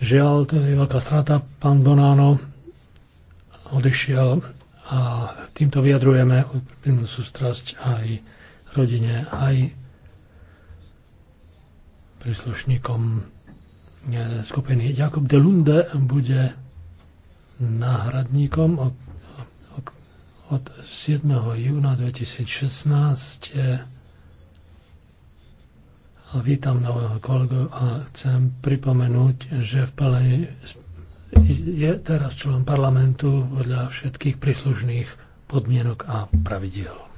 Žiaľ, to je veľká strata. Pán Bonáno odišiel a týmto vyjadrujeme úplnú sústrasť aj rodine, aj príslušníkom e, skupiny. Jakob de Lunde bude náhradníkom od 7. júna 2016 a vítam nového kolegu a chcem pripomenúť, že v Pele je teraz člen parlamentu podľa všetkých príslušných podmienok a pravidiel.